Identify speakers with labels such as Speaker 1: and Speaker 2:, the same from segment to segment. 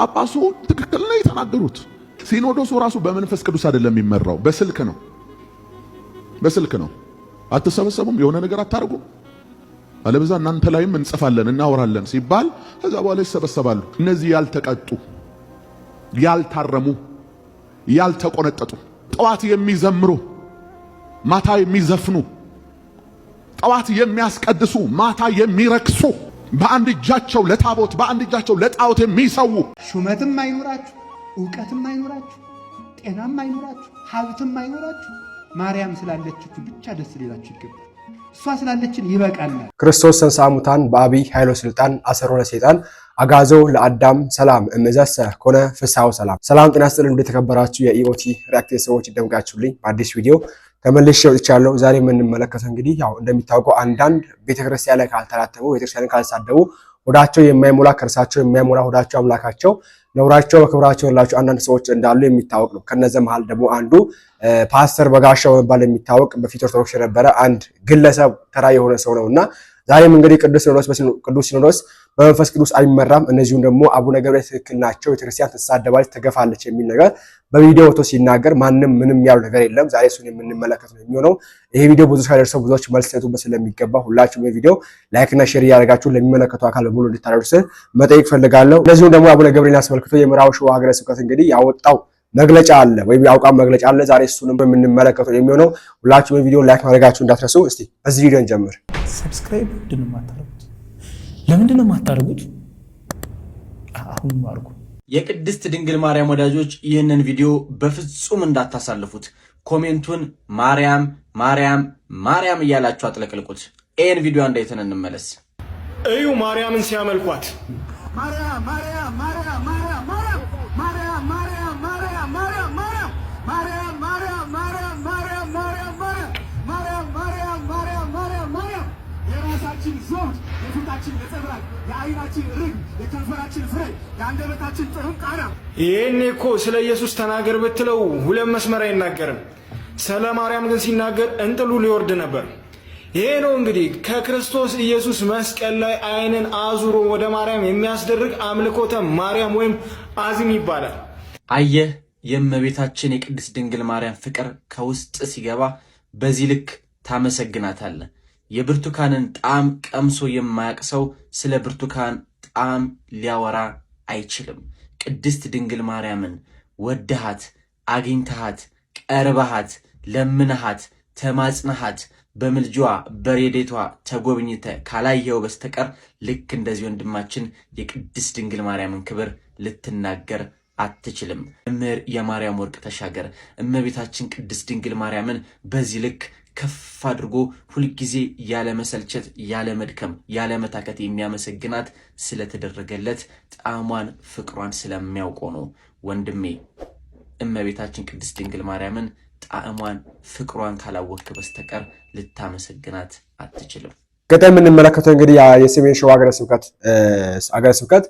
Speaker 1: ጳጳሱ ትክክል ነው የተናገሩት። ሲኖዶሱ ራሱ በመንፈስ ቅዱስ አይደለም የሚመራው፣ በስልክ ነው። በስልክ ነው። አትሰበሰቡም፣ የሆነ ነገር አታርጉም፣ አለበዛ እናንተ ላይም እንጽፋለን እናወራለን ሲባል ከዛ በኋላ ይሰበሰባሉ። እነዚህ ያልተቀጡ፣ ያልታረሙ፣ ያልተቆነጠጡ ጠዋት የሚዘምሩ ማታ የሚዘፍኑ ጠዋት የሚያስቀድሱ ማታ የሚረክሱ በአንድ እጃቸው ለታቦት በአንድ እጃቸው ለጣዖት የሚሰዉ
Speaker 2: ሹመትም አይኖራችሁ፣ እውቀትም አይኖራችሁ፣ ጤናም አይኖራችሁ፣ ሀብትም አይኖራችሁ፣ ማርያም ስላለችችሁ ብቻ ደስ ሊላችሁ ይገባል። እሷ ስላለችን ይበቃናል።
Speaker 3: ክርስቶስ ተንሥአ እሙታን በአቢይ ኃይሎ ስልጣን አሰሮ ለሰይጣን አጋዞ ለአዳም ሰላም እምዘሰ ኮነ ፍስሐው ሰላም። ሰላም ጤና ስጥልን። እንደተከበራችሁ የኢኦቲ ሪአክት ሰዎች ይደምቃችሁልኝ በአዲስ ቪዲዮ ተመልሼ ወጥቻለሁ። ዛሬ የምንመለከተው እንግዲህ ያው እንደሚታወቀው አንዳንድ ቤተክርስቲያን ላይ ካልተላተሙ፣ ቤተክርስቲያን ካልሳደቡ፣ ሆዳቸው የማይሞላ ከርሳቸው የማይሞላ ሆዳቸው አምላካቸው ነውራቸው በክብራቸው ያላቸው አንዳንድ ሰዎች እንዳሉ የሚታወቅ ነው። ከነዚህ መሀል ደግሞ አንዱ ፓስተር በጋሻው በመባል የሚታወቅ በፊት ኦርቶዶክስ የነበረ አንድ ግለሰብ ተራ የሆነ ሰው ነው እና ዛሬም እንግዲህ ቅዱስ ሲኖዶስ በመንፈስ ቅዱስ አይመራም፣ እነዚሁም ደግሞ አቡነ ገብርኤል ትክክል ናቸው፣ ቤተክርስቲያን ትሳደባለች፣ ትገፋለች የሚል ነገር በቪዲዮ ወጥቶ ሲናገር ማንም ምንም ያሉ ነገር የለም። ዛሬ እሱን የምንመለከት ነው የሚሆነው። ይሄ ቪዲዮ ብዙ ሳይደርሰው ብዙዎች መልስ ሰጡበት ስለሚገባ ሁላችሁም የቪዲዮ ላይክና ሼር እያደረጋችሁ ለሚመለከቱ አካል በሙሉ እንድታደርስ መጠየቅ ፈልጋለሁ። እነዚሁም ደግሞ አቡነ ገብርኤል አስመልክቶ የምዕራብ ሸዋ ሀገረ ስብከት እንግዲህ ያወጣው መግለጫ አለ ወይም ያውቃም መግለጫ አለ። ዛሬ እሱንም የምንመለከተው የሚሆነው ሁላችሁም የቪዲዮ ላይክ ማድረጋችሁ እንዳትረሱ። እስቲ በዚህ ቪዲዮ እንጀምር።
Speaker 4: ሰብስክራይብ ለምንድን ነው የማታደርጉት? አሁን ማርጉ።
Speaker 5: የቅድስት ድንግል ማርያም ወዳጆች ይህንን ቪዲዮ በፍጹም እንዳታሳልፉት። ኮሜንቱን ማርያም ማርያም ማርያም እያላችሁ አጥለቅልቁት። ይህን ቪዲዮ እንዳይተን እንመለስ።
Speaker 6: እዩ ማርያምን ሲያመልኳት የራሳችን ዘውድ የፊታችን ነጸብራቅ፣ የአይናችን ርግ፣ የከንፈራችን ፍሬ፣ የአንደበታችን ጥዑም ቃና። እኮ ስለ ኢየሱስ ተናገር ብትለው ሁለት መስመር አይናገርም። ስለ ማርያም ግን ሲናገር እንጥሉ ሊወርድ ነበር። ይሄ ነው እንግዲህ ከክርስቶስ ኢየሱስ መስቀል ላይ አይንን አዙሮ ወደ ማርያም የሚያስደርግ አምልኮተ ማርያም ወይም አዚም ይባላል። አየህ የእመቤታችን የቅድስት ድንግል ማርያም ፍቅር ከውስጥ ሲገባ በዚህ ልክ ታመሰግናታለህ። የብርቱካንን ጣዕም ቀምሶ የማያቅ ሰው ስለ ብርቱካን ጣዕም ሊያወራ አይችልም። ቅድስት ድንግል ማርያምን ወድሃት፣ አግኝተሃት፣ ቀርበሃት፣ ለምነሃት፣ ተማጽነሃት በምልጇ በሬዴቷ ተጎብኝተ ካላየው በስተቀር ልክ እንደዚህ ወንድማችን የቅድስት ድንግል ማርያምን ክብር ልትናገር አትችልም። እምር የማርያም ወርቅ ተሻገር እመቤታችን ቅድስት ድንግል ማርያምን በዚህ ልክ ከፍ አድርጎ ሁልጊዜ ያለመሰልቸት፣ ያለመድከም፣ ያለመታከት የሚያመሰግናት ስለተደረገለት ጣዕሟን፣ ፍቅሯን ስለሚያውቀው ነው። ወንድሜ እመቤታችን ቅድስት ድንግል ማርያምን ጣዕሟን ፍቅሯን ካላወቅክ በስተቀር ልታመሰግናት አትችልም። ቀጣይ የምንመለከተው እንግዲህ የሰሜን ሸዋ ሀገረ ስብከት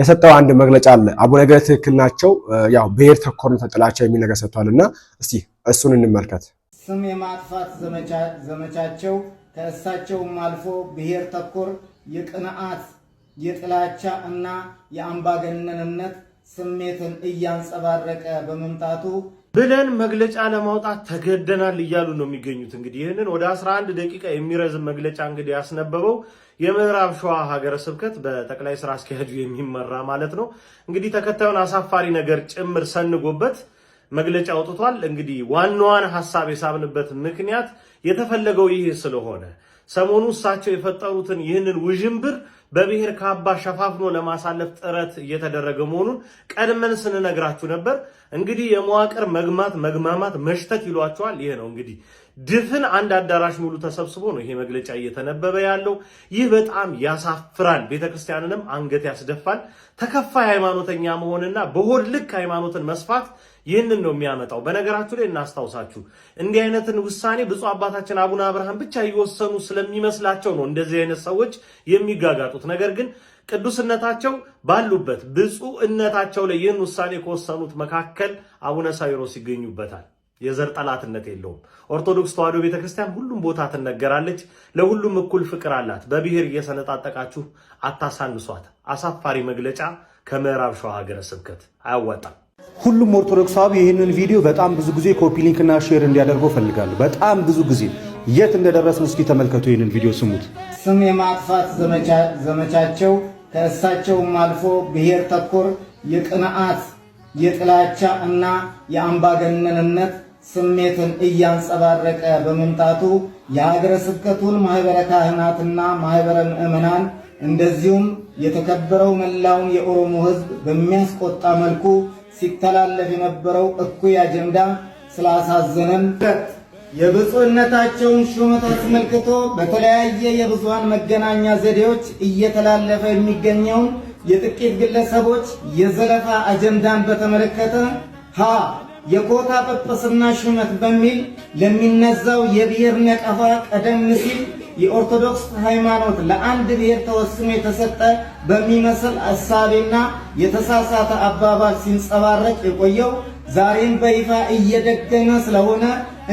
Speaker 6: የሰጠው አንድ መግለጫ አለ። አቡነ ገ ትክክል ናቸው። ያው ብሔር ተኮር ተጥላቸው የሚል ነገር ሰጥቷል እና እስቲ እሱን እንመልከት። ስም የማጥፋት ዘመቻቸው ከእሳቸውም አልፎ ብሔር ተኮር የቅንዓት የጥላቻ እና የአምባገነንነት ስሜትን እያንጸባረቀ በመምጣቱ ብለን መግለጫ ለማውጣት ተገደናል እያሉ ነው የሚገኙት። እንግዲህ ይህንን ወደ 11 ደቂቃ የሚረዝም መግለጫ እንግዲህ ያስነበበው የምዕራብ ሸዋ ሀገረ ስብከት በጠቅላይ ስራ አስኪያጁ የሚመራ ማለት ነው። እንግዲህ ተከታዩን አሳፋሪ ነገር ጭምር ሰንጎበት መግለጫ አውጥቷል። እንግዲህ ዋናዋን ሀሳብ የሳብንበት ምክንያት የተፈለገው ይህ ስለሆነ ሰሞኑ እሳቸው የፈጠሩትን ይህንን ውዥንብር በብሔር ካባ ሸፋፍኖ ለማሳለፍ ጥረት እየተደረገ መሆኑን ቀድመን ስንነግራችሁ ነበር። እንግዲህ የመዋቅር መግማት፣ መግማማት፣ መሽተት ይሏቸዋል። ይህ ነው እንግዲህ ድፍን አንድ አዳራሽ ሙሉ ተሰብስቦ ነው ይሄ መግለጫ እየተነበበ ያለው። ይህ በጣም ያሳፍራል። ቤተክርስቲያንንም አንገት ያስደፋል። ተከፋይ ሃይማኖተኛ መሆንና በሆድ ልክ ሃይማኖትን መስፋት ይህንን ነው የሚያመጣው። በነገራችሁ ላይ እናስታውሳችሁ እንዲህ አይነትን ውሳኔ ብፁዕ አባታችን አቡነ አብርሃም ብቻ እየወሰኑ ስለሚመስላቸው ነው እንደዚህ አይነት ሰዎች የሚጋጋጡት። ነገር ግን ቅዱስነታቸው ባሉበት ብፁዕነታቸው ላይ ይህን ውሳኔ ከወሰኑት መካከል አቡነ ሳይሮስ ይገኙበታል። የዘር ጠላትነት የለውም። ኦርቶዶክስ ተዋሕዶ ቤተክርስቲያን ሁሉም ቦታ ትነገራለች። ለሁሉም እኩል ፍቅር አላት። በብሔር እየሰነጣጠቃችሁ አታሳንሷት። አሳፋሪ መግለጫ ከምዕራብ ሸዋ ሀገረ ስብከት አያዋጣም። ሁሉም ኦርቶዶክሳዊ ይህንን ቪዲዮ በጣም ብዙ ጊዜ ኮፒ ሊንክ እና ሼር እንዲያደርገው ፈልጋለሁ። በጣም ብዙ ጊዜ የት እንደደረሰ እስኪ ተመልከቱ። ይህንን ቪዲዮ ስሙት። ስም የማጥፋት ዘመቻቸው ከእሳቸውም አልፎ ብሔር ተኮር የቅንዓት የጥላቻ እና የአምባገነንነት ስሜትን እያንጸባረቀ በመምጣቱ የሀገረ ስብከቱን ማኅበረ ካህናትና ማኅበረ ምዕመናን እንደዚሁም የተከበረው መላውን የኦሮሞ ሕዝብ በሚያስቆጣ መልኩ ሲተላለፍ የነበረው እኩይ አጀንዳ ስላሳዘነን የብፁዕነታቸውን ሹመት አስመልክቶ በተለያየ የብዙሃን መገናኛ ዘዴዎች እየተላለፈ የሚገኘውን የጥቂት ግለሰቦች የዘለፋ አጀንዳን በተመለከተ ሀ የኮታ ጵጵስና ሹመት በሚል ለሚነዛው የብሔር ነቀፋ ቀደም ሲል የኦርቶዶክስ ሃይማኖት ለአንድ ብሔር ተወስኖ የተሰጠ በሚመስል አሳቤና የተሳሳተ አባባል ሲንጸባረቅ የቆየው ዛሬም በይፋ እየደገመ ስለሆነ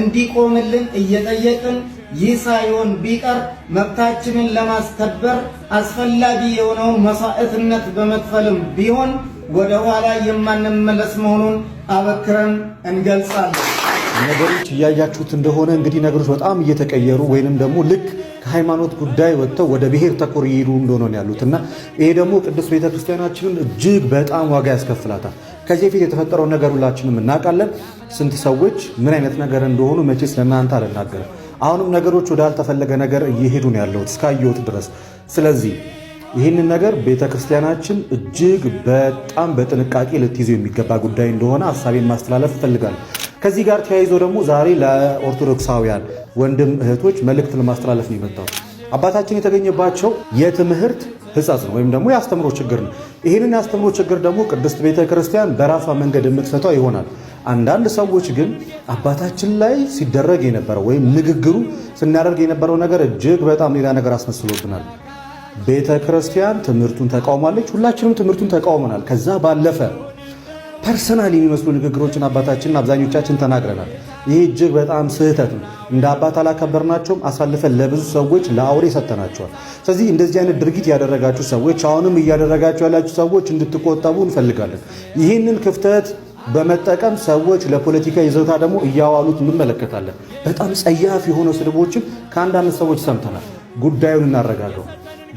Speaker 6: እንዲቆምልን እየጠየቅን ይህ ሳይሆን ቢቀር መብታችንን ለማስከበር አስፈላጊ የሆነውን መስዋዕትነት በመክፈልም ቢሆን ወደ ኋላ የማንመለስ መሆኑን አበክረን እንገልጻለን። ነገሮች እያያችሁት እንደሆነ እንግዲህ ነገሮች በጣም እየተቀየሩ ወይንም ደግሞ ልክ ከሃይማኖት ጉዳይ ወጥተው ወደ ብሔር ተኮር እየሄዱ እንደሆነ ያሉት እና ይሄ ደግሞ ቅዱስ ቤተክርስቲያናችንን እጅግ በጣም ዋጋ ያስከፍላታል። ከዚህ በፊት የተፈጠረውን ነገር ሁላችንም እናውቃለን። ስንት ሰዎች ምን አይነት ነገር እንደሆኑ መቼስ ለእናንተ አልናገርም። አሁንም ነገሮች ወዳልተፈለገ ነገር እየሄዱ ነው ያለሁት እስካየሁት ድረስ። ስለዚህ ይህንን ነገር ቤተክርስቲያናችን እጅግ በጣም በጥንቃቄ ልትይዘው የሚገባ ጉዳይ እንደሆነ ሀሳቤን ማስተላለፍ እፈልጋለሁ። ከዚህ ጋር ተያይዞ ደግሞ ዛሬ ለኦርቶዶክሳውያን ወንድም እህቶች መልእክት ለማስተላለፍ ነው የመጣው። አባታችን የተገኘባቸው የትምህርት ሕጸጽ ነው ወይም ደግሞ የአስተምሮ ችግር ነው። ይህንን የአስተምሮ ችግር ደግሞ ቅድስት ቤተ ክርስቲያን በራሷ መንገድ የምትፈታው ይሆናል። አንዳንድ ሰዎች ግን አባታችን ላይ ሲደረግ የነበረው ወይም ንግግሩ ስናደርግ የነበረው ነገር እጅግ በጣም ሌላ ነገር አስመስሎብናል። ቤተ ክርስቲያን ትምህርቱን ተቃውማለች። ሁላችንም ትምህርቱን ተቃውመናል። ከዛ ባለፈ ፐርሰናል የሚመስሉ ንግግሮችን አባታችንን አብዛኞቻችን ተናግረናል። ይህ እጅግ በጣም ስህተት ነው። እንደ አባት አላከበርናቸውም። አሳልፈን ለብዙ ሰዎች ለአውሬ ሰጥተናቸዋል። ስለዚህ እንደዚህ አይነት ድርጊት ያደረጋችሁ ሰዎች፣ አሁንም እያደረጋችሁ ያላችሁ ሰዎች እንድትቆጠቡ እንፈልጋለን። ይህንን ክፍተት በመጠቀም ሰዎች ለፖለቲካ ይዘታ ደግሞ እያዋሉት እንመለከታለን። በጣም ጸያፍ የሆነ ስድቦችን ከአንዳንድ ሰዎች ሰምተናል። ጉዳዩን እናረጋገው።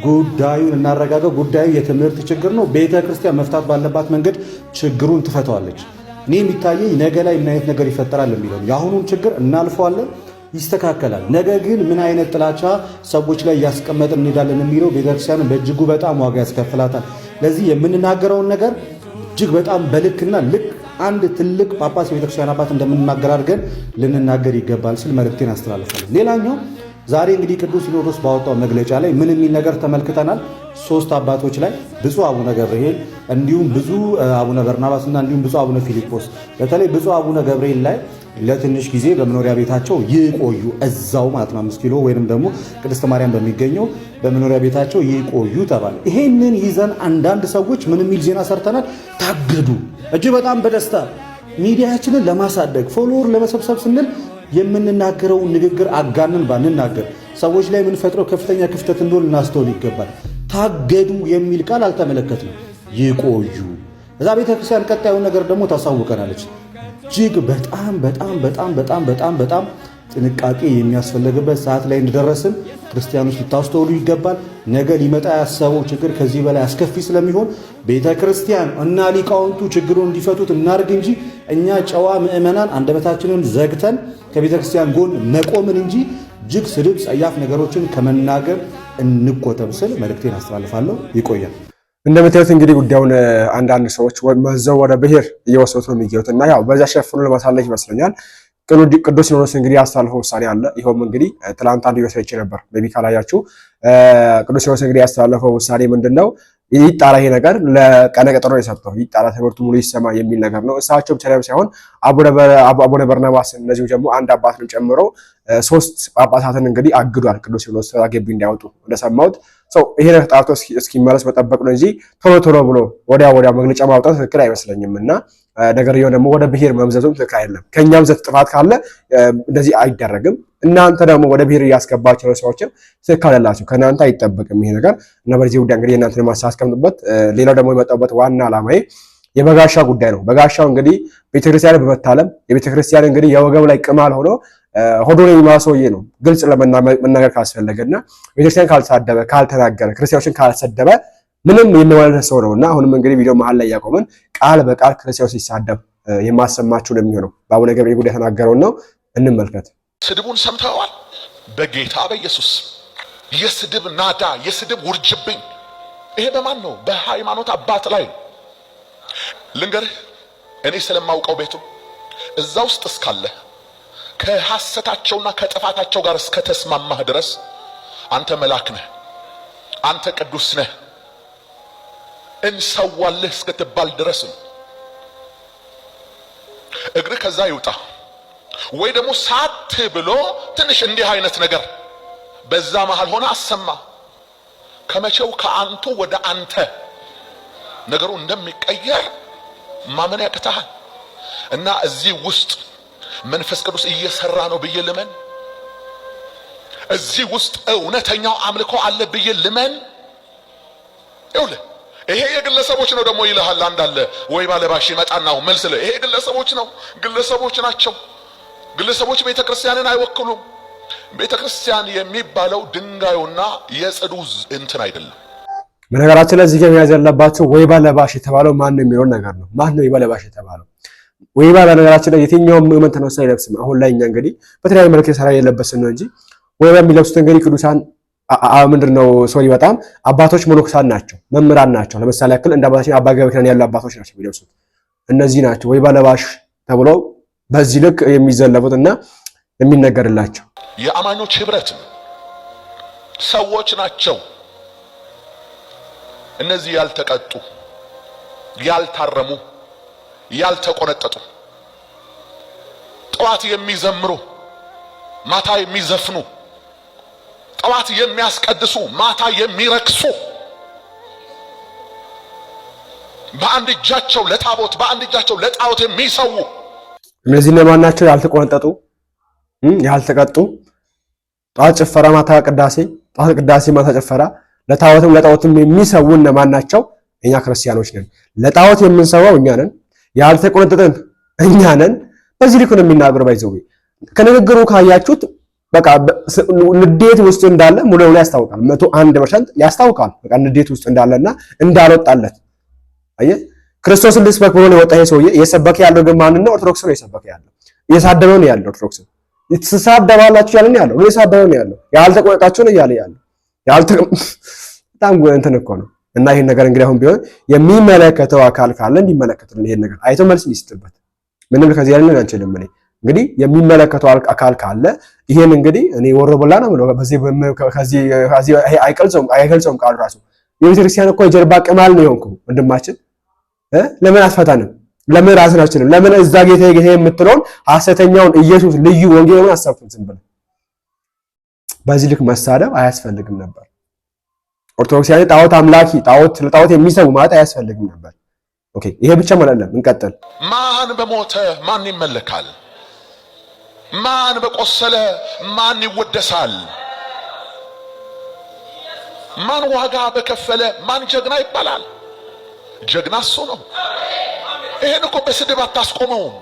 Speaker 6: ጉዳዩን እናረጋገው። ጉዳዩ የትምህርት ችግር ነው። ቤተ ክርስቲያን መፍታት ባለባት መንገድ ችግሩን ትፈተዋለች። እኔ የሚታየኝ ነገ ላይ ምን አይነት ነገር ይፈጠራል የሚለው የአሁኑን ችግር እናልፈዋለን፣ ይስተካከላል። ነገ ግን ምን አይነት ጥላቻ ሰዎች ላይ እያስቀመጥን እንሄዳለን የሚለው ቤተክርስቲያንን በእጅጉ በጣም ዋጋ ያስከፍላታል። ለዚህ የምንናገረውን ነገር እጅግ በጣም በልክና ልክ አንድ ትልቅ ጳጳስ የቤተክርስቲያን አባት እንደምንናገር አድርገን ልንናገር ይገባል ስል መልእክቴን አስተላልፋለሁ። ሌላኛው ዛሬ እንግዲህ ቅዱስ ሲኖዶስ ባወጣው መግለጫ ላይ ምን የሚል ነገር ተመልክተናል? ሶስት አባቶች ላይ ብዙ አቡነ ገብርኤል እንዲሁም ብዙ አቡነ በርናባስ እና እንዲሁም ብዙ አቡነ ፊልጶስ በተለይ ብዙ አቡነ ገብርኤል ላይ ለትንሽ ጊዜ በመኖሪያ ቤታቸው ይቆዩ እዛው ማለት ነው አምስት ኪሎ ወይንም ደግሞ ቅድስት ማርያም በሚገኘው በመኖሪያ ቤታቸው ይቆዩ ተባለ። ይሄንን ይዘን አንዳንድ ሰዎች ምን የሚል ዜና ሰርተናል? ታገዱ። እጅግ በጣም በደስታ ሚዲያችንን ለማሳደግ ፎሎወር ለመሰብሰብ ስንል የምንናገረውን ንግግር አጋንን ባንናገር ሰዎች ላይ የምንፈጥረው ከፍተኛ ክፍተት እንደሆን ልናስተውል ይገባል። ታገዱ የሚል ቃል አልተመለከትንም። ይቆዩ እዛ ቤተ ክርስቲያን ቀጣዩን ነገር ደግሞ ታሳውቀናለች። እጅግ በጣም በጣም በጣም በጣም በጣም በጣም ጥንቃቄ የሚያስፈልግበት ሰዓት ላይ እንደደረስን ክርስቲያኖች ልታስተውሉ ይገባል። ነገ ሊመጣ ያሰበው ችግር ከዚህ በላይ አስከፊ ስለሚሆን ቤተ ክርስቲያን እና ሊቃውንቱ ችግሩን እንዲፈቱት እናድርግ እንጂ እኛ ጨዋ ምእመናን አንደበታችንን ዘግተን ከቤተ ክርስቲያን ጎን መቆምን እንጂ እጅግ ስድብ፣ ጸያፍ ነገሮችን ከመናገር እንቆጠብ ስል መልእክቴን አስተላልፋለሁ። ይቆያል። እንደምታዩት እንግዲህ ጉዳዩን አንዳንድ ሰዎች መዘው ወደ ብሔር እየወሰዱት ነው የሚገኙት እና ያው በዚያ ሸፍኑ ለማሳለፍ ይመስለኛል። ቅዱስ ሲኖዶስ እንግዲህ ያስተላለፈው ውሳኔ አለ። ይኸውም እንግዲህ ትላንት አንድ ቪዲዮ ሰርቼ ነበር። ቤቢ ካላያችሁ ቅዱስ ሲኖዶስ እንግዲህ ያስተላለፈው ውሳኔ ምንድን ነው? ይጣራ፣ ይሄ ነገር ለቀነ ቀጠሮ የሰጠው ይጣራ፣ ትምህርቱ ሙሉ ይሰማ የሚል ነገር ነው። እሳቸው ብቻ ሳይሆን አቡነ በርናባስ እነዚሁ ደግሞ አንድ አባትን ጨምሮ ሶስት ጳጳሳትን እንግዲህ አግዷል ቅዱስ ሲኖዶስ ተዛግቢ እንዳያወጡ እንደሰማሁት ሰው ይሄ ነገር ጣርቶ እስኪመለስ መጠበቅ ነው እንጂ ቶሎ ቶሎ ብሎ ወዲያ ወዲያ መግለጫ ማውጣት ትክክል አይመስለኝም እና የሆነ ደግሞ ወደ ብሔር መምዘዙም ትክክል አይደለም። ከእኛ ምዘት ጥፋት ካለ እንደዚህ አይደረግም። እናንተ ደግሞ ወደ ብሔር እያስገባቸው ሰዎችም ትክክል አይደላችሁ፣ ከእናንተ አይጠበቅም ይሄ ነገር እና በዚህ ጉዳይ እንግዲህ እናንተን ማሳስቀምጡበት። ሌላው ደግሞ የመጣሁበት ዋና ዓላማዬ የበጋሻ ጉዳይ ነው። በጋሻው እንግዲህ ቤተክርስቲያን በመታለም የቤተክርስቲያን እንግዲህ የወገብ ላይ ቅማል ሆኖ ሆዶን የሚማሰውዬ ነው። ግልጽ ለመናገር ካስፈለገ እና ቤተክርስቲያን ካልተሳደበ ካልተናገረ ክርስቲያኖችን ካልሰደበ ምንም የማይረዳ ሰው ነውና፣ አሁንም እንግዲህ ቪዲዮ መሀል ላይ ያቆመን ቃል በቃል ክርስቲያኑ ሲሳደብ የማሰማችሁ ነው የሚሆነው። በአቡነ ገብርኤል ጉዳይ የተናገረውን ነው እንመልከት። ስድቡን ሰምተዋል። በጌታ በኢየሱስ የስድብ ናዳ፣ የስድብ ውርጅብኝ። ይሄ በማን ነው? በሃይማኖት አባት ላይ ልንገርህ፣ እኔ ስለማውቀው ቤቱ እዛ ውስጥ እስካለ ከሐሰታቸውና ከጥፋታቸው ጋር እስከተስማማህ ድረስ አንተ መልአክ ነህ፣ አንተ ቅዱስ ነህ እንሰዋለህ እስክትባል ድረስ ነው። እግር ከዛ ይውጣ ወይ ደግሞ ሳት ብሎ ትንሽ እንዲህ አይነት ነገር በዛ መሃል ሆነ አሰማ። ከመቼው ከአንቱ ወደ አንተ ነገሩ እንደሚቀየር ማመን ያቅታሃል። እና እዚህ ውስጥ መንፈስ ቅዱስ እየሰራ ነው ብዬ ልመን፣ እዚህ ውስጥ እውነተኛው አምልኮ አለ ብዬ ልመን ይውልህ ይሄ የግለሰቦች ነው ደግሞ ይልሃል። አንዳለ ወይ ባለባሽ ይመጣና መልስ ለ ይሄ ግለሰቦች ነው፣ ግለሰቦች ናቸው። ግለሰቦች ቤተ ክርስቲያንን አይወክሉም። ቤተ ክርስቲያን የሚባለው ድንጋዩና የጽዱ እንትን አይደለም። በነገራችን ላይ እዚህ ጋር መያዝ ያለባቸው ወይ ባለባሽ የተባለው ማን ነው የሚለውን ነገር ነው። ማን ነው ይባለባሽ የተባለው? ወይባ በነገራችን ላይ የትኛውም ምዕመን ተነሳ አይለብስም። አሁን ላይ እኛ እንግዲህ በተለያዩ መልክ የሰራ የለበስን ነው እንጂ ወይባ የሚለብሱት እንግዲህ ቅዱሳን ምንድን ነው ሶሪ በጣም አባቶች መነኮሳት ናቸው፣ መምህራን ናቸው። ለምሳሌ ያክል እንደ አባታችን አባ ገብረ ኪዳን ያሉ አባቶች ናቸው የሚለብሱት እነዚህ ናቸው ወይ ባለባሽ ተብሎ በዚህ ልክ የሚዘለፉት እና የሚነገርላቸው የአማኞች ህብረት ሰዎች ናቸው። እነዚህ ያልተቀጡ፣ ያልታረሙ፣ ያልተቆነጠጡ ጠዋት የሚዘምሩ ማታ የሚዘፍኑ ጠዋት የሚያስቀድሱ ማታ የሚረክሱ በአንድ እጃቸው ለታቦት በአንድ እጃቸው ለጣዖት የሚሰዉ እነዚህ እነማን ናቸው? ያልተቆነጠጡ ያልተቀጡ፣ ጠዋት ጭፈራ፣ ማታ ቅዳሴ፣ ጠዋት ቅዳሴ፣ ማታ ጭፈራ፣ ለታቦትም ለጣዖትም የሚሰው እነማን ናቸው? እኛ ክርስቲያኖች ነን። ለጣዖት የምንሰዋው እኛ ነን። ያልተቆነጠጥን እኛ ነን። በዚህ ልክ ነው የሚናገሩ። ባይዘው ከንግግሩ ካያችሁት በቃ ንዴት ውስጥ እንዳለ ሙሉ ለሙሉ ያስታውቃል። መቶ አንድ ፐርሰንት ያስታውቃል። በቃ ንዴት ውስጥ እንዳለና እንዳልወጣለት አየህ። ክርስቶስን ልስበክ ብሎ የወጣ ይሄ ሰውዬ እየሰበከ ያለው ግን ማን ነው? ኦርቶዶክስ ነው እየሰበከ ያለው። እየሳደበ ነው ያለው። ኦርቶዶክስ ትሳደባላችሁ ያለ ነው ያለው። እየሳደበ ነው ያለው። ያልተቆጣችሁ ነው እያለ ያለው። በጣም እንትን እኮ ነው። እና ይሄን ነገር እንግዲህ አሁን ቢሆን የሚመለከተው አካል ካለ እንዲመለከትልን ይሄን ነገር አይቶ መልስ እንዲሰጥበት ምንም ከዚህ ያለ ያለን አንችልም እኔ እንግዲህ የሚመለከተው አካል ካለ ይሄን እንግዲህ እኔ ወሮበላ ነው ብለው ከዚህ አይገልጸውም ቃሉ ራሱ። የቤተክርስቲያን እኮ የጀርባ ቅማል ነው የሆንኩ ወንድማችን። ለምን አስፈታንም? ለምን ራስን አችልም? ለምን እዛ ጌታ ጌታ የምትለውን ሐሰተኛውን ኢየሱስ ልዩ ወንጌል ለምን አሳፍን? ዝም ብለን በዚህ ልክ መሳደብ አያስፈልግም ነበር። ኦርቶዶክሳዊ ጣዖት አምላኪ ጣዖት ለጣዖት የሚሰው ማለት አያስፈልግም ነበር። ኦኬ፣ ይሄ ብቻ ማለት እንቀጥል። ማን በሞተ ማን ይመለካል? ማን በቆሰለ ማን ይወደሳል? ማን ዋጋ በከፈለ ማን ጀግና ይባላል? ጀግና እሱ ነው። ይህን እኮ በስድብ አታስቆመውም።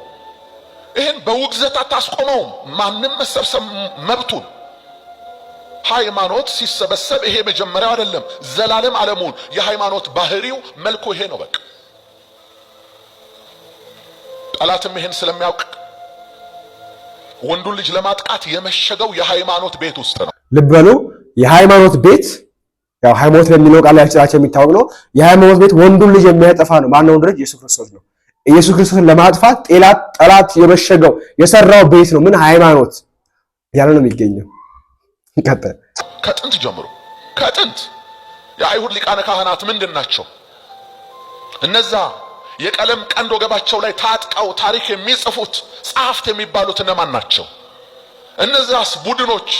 Speaker 6: ይህን በውግዘት አታስቆመውም። ማንም መሰብሰብ መብቱን ሃይማኖት ሲሰበሰብ ይሄ መጀመሪያው አይደለም። ዘላለም ዓለሙን የሃይማኖት ባህሪው መልኩ ይሄ ነው። በቃ ጠላትም ይሄን ስለሚያውቅ ወንዱን ልጅ ለማጥቃት የመሸገው የሃይማኖት ቤት ውስጥ ነው። ልብ በሉ የሃይማኖት ቤት ያው ሃይማኖት በሚለው ቃል ያጭራቸው የሚታወቅ ነው። የሃይማኖት ቤት ወንዱን ልጅ የሚያጠፋ ነው። ማነው ወንዱ ልጅ? ኢየሱስ ክርስቶስ ነው። ኢየሱስ ክርስቶስን ለማጥፋት ጤላት ጠላት የመሸገው የሰራው ቤት ነው። ምን ሃይማኖት ያለ ነው የሚገኘው። ይቀጥል። ከጥንት ጀምሮ ከጥንት የአይሁድ ሊቃነ ካህናት ምንድን ናቸው እነዛ የቀለም ቀንድ ወገባቸው ላይ ታጥቀው ታሪክ የሚጽፉት ጸሐፍት የሚባሉት እነማን ናቸው? እነዚያስ ቡድኖች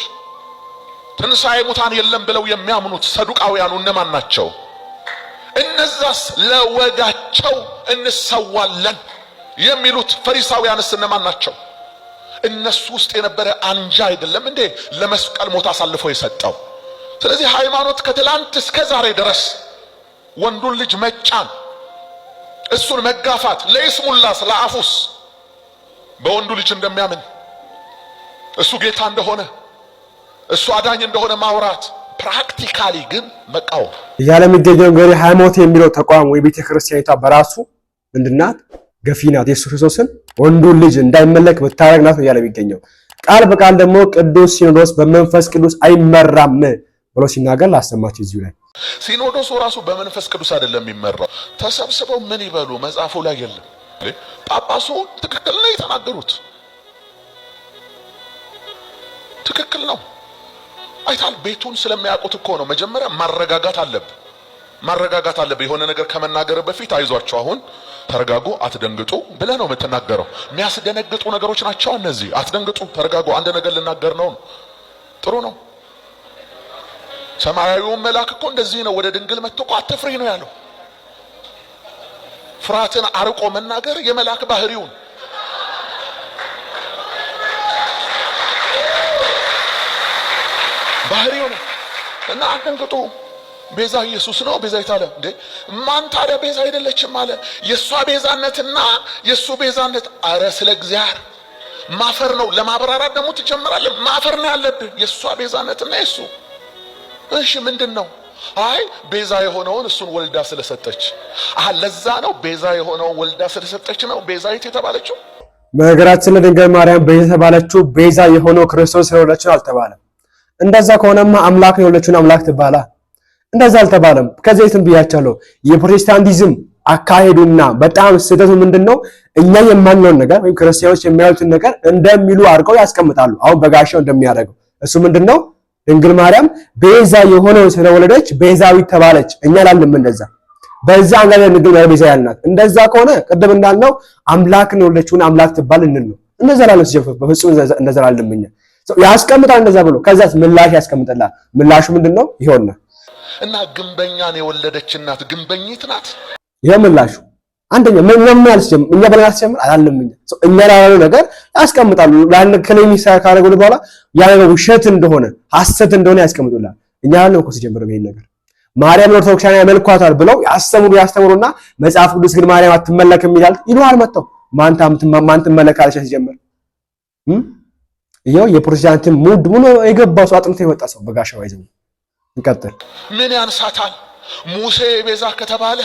Speaker 6: ትንሣኤ ሙታን የለም ብለው የሚያምኑት ሰዱቃውያኑ እነማን ናቸው? እነዛስ ለወጋቸው እንሰዋለን የሚሉት ፈሪሳውያንስ እነማን ናቸው? እነሱ ውስጥ የነበረ አንጃ አይደለም እንዴ ለመስቀል ሞት አሳልፎ የሰጠው? ስለዚህ ሃይማኖት ከትላንት እስከ ዛሬ ድረስ ወንዱን ልጅ መጫን እሱን መጋፋት ለይስሙላስ ለአፉስ በወንዱ ልጅ እንደሚያምን እሱ ጌታ እንደሆነ እሱ አዳኝ እንደሆነ ማውራት ፕራክቲካሊ ግን መቃወም እያለም የሚገኘው እንግዲህ ሃይማኖት የሚለው ተቋም ወይ ቤተ ክርስቲያኒቷ በራሱ ምንድናት ገፊ ናት። ኢየሱስ ክርስቶስን ወንዱን ልጅ እንዳይመለክ ብታረግ ናት እያለ የሚገኘው ቃል በቃል ደግሞ ቅዱስ ሲኖዶስ በመንፈስ ቅዱስ አይመራም ብሎ ሲናገር ላሰማች እዚሁ ላይ ሲኖዶሱ ራሱ በመንፈስ ቅዱስ አይደለም የሚመራው። ተሰብስበው ምን ይበሉ? መጽሐፉ ላይ የለም። ጳጳሱ ትክክል ነው የተናገሩት፣ ትክክል ነው። አይታል ቤቱን ስለሚያውቁት እኮ ነው። መጀመሪያ ማረጋጋት አለብ ማረጋጋት አለብ የሆነ ነገር ከመናገር በፊት አይዟቸው፣ አሁን ተረጋጉ፣ አትደንግጡ ብለህ ነው የምትናገረው። የሚያስደነግጡ ነገሮች ናቸው እነዚህ። አትደንግጡ፣ ተረጋጉ፣ አንድ ነገር ልናገር ነው። ጥሩ ነው። ሰማያዊውን መልአክ እኮ እንደዚህ ነው ወደ ድንግል መጥቶ እኮ አትፍሪ ነው ያለው። ፍርሃትን አርቆ መናገር የመልአክ ባህሪውን ባህሪው ነው እና አደንግጡ። ቤዛ ኢየሱስ ነው። ቤዛ ይታለ እንዴ ማን ታዲያ ቤዛ አይደለችም አለ። የእሷ ቤዛነትና የእሱ ቤዛነት አረ ስለ እግዚአብሔር ማፈር ነው። ለማብራራት ደግሞ ትጀምራለህ። ማፈር ነው ያለብህ የእሷ ቤዛነትና የእሱ እሺ ምንድን ነው? አይ ቤዛ የሆነውን እሱን ወልዳ ስለሰጠች። አህ ለዛ ነው ቤዛ የሆነውን ወልዳ ስለሰጠች ነው ቤዛዊት የተባለችው። በነገራችን ለድንግል ማርያም ቤዛ የተባለችው ቤዛ የሆነው ክርስቶስ ስለወለደችው አልተባለም። እንደዛ ከሆነማ አምላክ የወለደችውን አምላክ ትባላ። እንደዛ አልተባለም። ከዚህ በፊትም ብያቸዋለሁ። የፕሮቴስታንቲዝም አካሄዱና በጣም ስህተቱ ምንድን ነው? እኛ የማንለውን ነገር ወይም ክርስቲያኖች የሚያዩትን ነገር እንደሚሉ አድርገው ያስቀምጣሉ። አሁን በጋሻው እንደሚያደርገው እሱ ምንድን ነው ድንግል ማርያም ቤዛ የሆነውን ስለወለደች ቤዛዊት ተባለች። እኛ ላልንም እንደዛ በዛ አንጋለ ድንግል ማርያም ቤዛ ያልናት እንደዛ ከሆነ ቅድም እንዳልነው አምላክን የወለደችውን አምላክ ትባል እንል ነው። እንደዛ ላልነው ሲጀምር በፍጹም እንደዛ ላልንም እኛ ያስቀምጣል። እንደዛ ብሎ ከዛ ምላሽ ያስቀምጥላል። ምላሹ ምንድነው? ይሆንና እና ግንበኛን የወለደች እናት ግንበኝት ናት። ይሄ ምላሹ አንደኛ እኛም አልስጀምር እኛ በላይ አስጀምር አላለም። እኛ ላላለው ነገር ያስቀምጣሉ። ላለ ክሌም ካደረጉ በኋላ ያ ነገር ውሸት እንደሆነ ሐሰት እንደሆነ ያስቀምጡላል። እኛ ላለው እኮ ሲጀምርም ይሄን ነገር ማርያም ኦርቶዶክሳውያን ያመልኳታል ብለው ያስተምሩ ያስተምሩና መጽሐፍ ቅዱስ ግን ማርያም አትመለክም ይላል ይሉሃል። መጥተው ማንታ ማን ትመለካለች ሲጀምር ይኸው የፕሮቴስታንትን ሙድ ሙሉ የገባው ሰው አጥንቶ የወጣ ሰው በጋሻው ይዘው ይቀጥል ምን ያንሳታል ሙሴ ቤዛ ከተባለ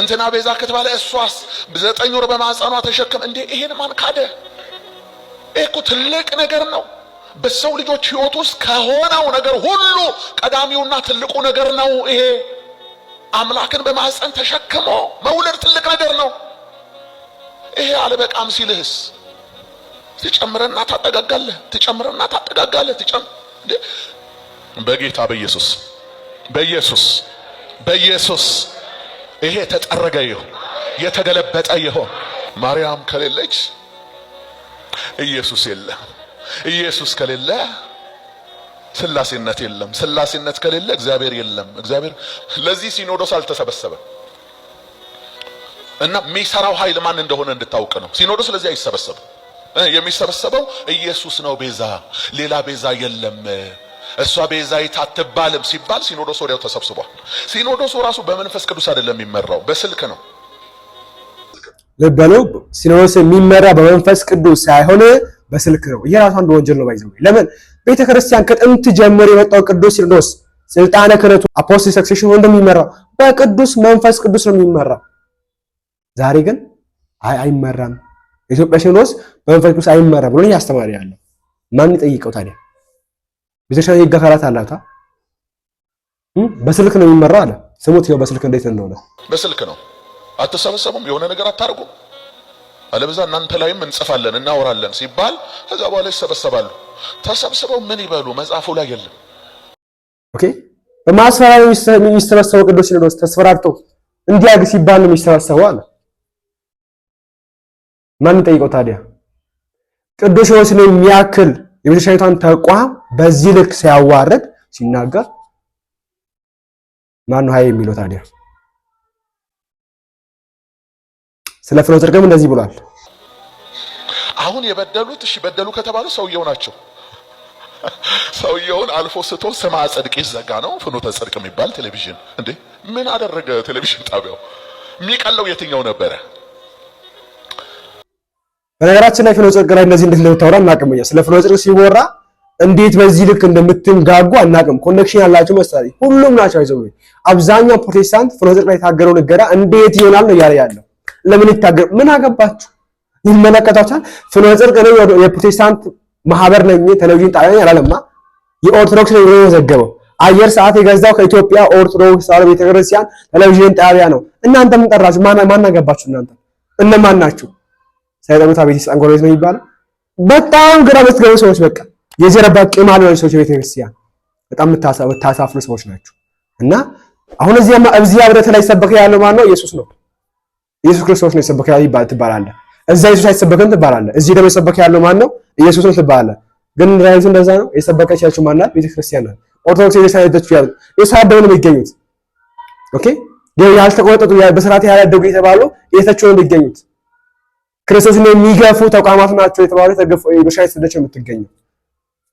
Speaker 6: እንትና ቤዛ ከተባለ እሷስ ዘጠኝ ወር በማጸኗ ተሸከም እንዴ! ይሄን ማን ካደ? ይሄ እኮ ትልቅ ነገር ነው። በሰው ልጆች ህይወት ውስጥ ከሆነው ነገር ሁሉ ቀዳሚውና ትልቁ ነገር ነው። ይሄ አምላክን በማህፀን ተሸክሞ መውለድ ትልቅ ነገር ነው። ይሄ አልበቃም ሲልህስ ትጨምረና ታጠጋጋለህ፣ ትጨምረና ታጠጋጋለህ። ትጨም በጌታ በኢየሱስ በኢየሱስ በኢየሱስ ይሄ የተጠረገ ይሁን፣ የተገለበጠ ይሁን። ማርያም ከሌለች ኢየሱስ የለም። ኢየሱስ ከሌለ ስላሴነት የለም። ስላሴነት ከሌለ እግዚአብሔር የለም። እግዚአብሔር ለዚህ ሲኖዶስ አልተሰበሰበም እና የሚሰራው ኃይል ማን እንደሆነ እንድታውቅ ነው። ሲኖዶስ ለዚህ አይሰበሰብም። የሚሰበሰበው ኢየሱስ ነው ቤዛ፣ ሌላ ቤዛ የለም። እሷ ቤዛዊት አትባልም ሲባል ሲኖዶስ ወዲያው ተሰብስቧል። ሲኖዶሱ ራሱ በመንፈስ ቅዱስ አይደለም የሚመራው በስልክ ነው። ልብ ሲኖዶስ የሚመራ በመንፈስ ቅዱስ ሳይሆን በስልክ ነው። የራሱ ራሱ አንድ ወንጀል ነው። ባይዘው ለምን ቤተ ክርስቲያን ከጥንት ጀምሮ የመጣው ቅዱስ ሲኖዶስ ስልጣነ ክህነቱ አፖስቶሊክ ሰክሴሽን ሆኖ እንደሚመራው በቅዱስ መንፈስ ቅዱስ ነው የሚመራ ዛሬ ግን አይ አይመራም፣ የኢትዮጵያ ሲኖዶስ በመንፈስ ቅዱስ አይመራም ብሎ ያስተማሪ ያለው ማን ይጠይቀው ታዲያ? ቤተክርስቲያን የህግ አካላት አላታ በስልክ ነው የሚመራ አለ። ስሙት፣ ይኸው በስልክ እንዴት እንደሆነ በስልክ ነው። አትሰበሰቡም፣ የሆነ ነገር አታርጉም፣ አለበዛ እናንተ ላይም እንጽፋለን እናወራለን ሲባል ከዛ በኋላ ይሰበሰባሉ። ተሰብስበው ምን ይበሉ? መጽሐፉ ላይ የለም። ኦኬ፣ በማስፈራሪ የሚሰበሰበው ቅዱስ ሲኖዶስ ተስፈራርቶ እንዲያግ ሲባል ነው የሚሰበሰበው አለ። ማን ጠይቀው ታዲያ ቅዱስ ነው የሚያክል የቤተክርስቲያኒቷን ተቋም በዚህ ልክ ሲያዋርድ ሲናገር ማን ነው ሀይ የሚለው ታዲያ? ስለ ፍኖተ ጽድቅም እንደዚህ ብሏል። አሁን የበደሉት እሺ በደሉ ከተባሉ ሰውየው ናቸው። ሰውየውን አልፎ ስቶ ስማ ጽድቅ ይዘጋ ነው ፍኖተ ጽድቅ የሚባል ቴሌቪዥን እንዴ! ምን አደረገ ቴሌቪዥን ጣቢያው? የሚቀለው የትኛው ነበረ? በነገራችን ላይ ፍኖ ጽድቅ ላይ እንደዚህ እንዴት እንደምታወራ እናቅም። ስለ ፍኖ ጽድቅ ሲወራ እንዴት በዚህ ልክ እንደምትንጋጉ አናቅም። ኮኔክሽን ያላቸው መስታሪ ሁሉም ናቸው። አይዘው አብዛኛው ፕሮቴስታንት ፍኖ ጽድቅ ላይ የታገረውን እገዳ እንዴት ይሆናል ነው እያለ ያለው። ለምን ይታገር? ምን አገባችሁ? ይመለከታችኋል። ፍኖ ጽድቅ ነው የፕሮቴስታንት ማህበር ነኝ ቴሌቪዥን ጣቢያ ያላለማ የኦርቶዶክስ ነው የዘገበው። አየር ሰዓት የገዛው ከኢትዮጵያ ኦርቶዶክስ ተዋሕዶ ቤተክርስቲያን ቴሌቪዥን ጣቢያ ነው። እናንተ ምን ጠራችሁ? ማን አገባችሁ? እናንተ እነማን ናችሁ? ሳይጠጉት አቤት አንጎሎት ነው የሚባለው። በጣም ግራ የምትገቡ ሰዎች በቃ የጀርባ ቂም አልሆኑ ሰዎች ቤተክርስቲያን በጣም የምታሳፍሩ ሰዎች ናቸው። እና አሁን እዚያ እዚህ እግዚአብሔር ላይ ሰበከ ያለው ማን ነው? ኢየሱስ ነው። ኢየሱስ ክርስቶስ ነው የሰበከ ያለው ትባላለህ። እዛ ኢየሱስ አይሰበክም ትባላለህ። እዚህ ደግሞ የሰበከ ያለው ማን ነው? ኢየሱስ ነው ትባላለህ። ግን ራይቱ እንደዛ ነው የሰበከቻችሁ ማናት? ቤተክርስቲያን ናት። ኦርቶዶክስ ቤተክርስቲያን ያለችው ያሉት የሳደቡ ነው የሚገኙት። ኦኬ ያልተቆጠጡ በስርዓት ያላደጉ የተባሉ የተቸው ነው የሚገኙት ክርስቶስን የሚገፉ ተቋማት ናቸው የተባሉ የጎሻ ስደች የምትገኘው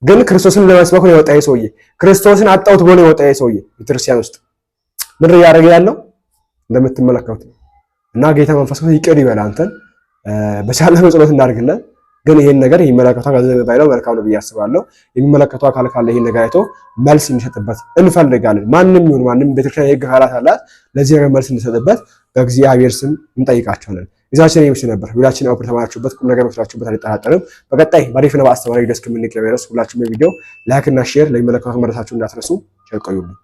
Speaker 6: ግን ክርስቶስን ለመስበክ ነው የወጣ ሰውዬ ክርስቶስን አጣሁት ብሎ ነው የወጣ ሰውዬ ቤተክርስቲያን ውስጥ ምድር እያደረገ ያለው እንደምትመለከቱ እና ጌታ መንፈስ ቅዱስ ይቅር ይበል አንተን በቻለህ ጸሎት እንዳድርግለን። ግን ይህን ነገር የሚመለከተው ከዘበ ባይለው መልካም ነው ብዬ አስባለሁ። የሚመለከተው አካል ካለ ይህን ነገር አይቶ መልስ እንዲሰጥበት እንፈልጋለን። ማንም ይሁን ማንም ቤተክርስቲያን የህግ አካላት አላት። ለዚህ ነገር መልስ እንዲሰጥበት በእግዚአብሔር ስም እንጠይቃቸዋለን። ይዛችን ይምሽ ነበር። ሁላችን አውፕ ተማራችሁበት ቁም ነገር መስራችሁበት አልጠራጠርም። በቀጣይ ነው በአስተማሪ ደስ ከምንቀበረስ ሁላችሁም የቪዲዮ ላይክ እና ሼር ለሚመለከቱ መረሳችሁ እንዳትረሱ ቸር ቆዩልኝ።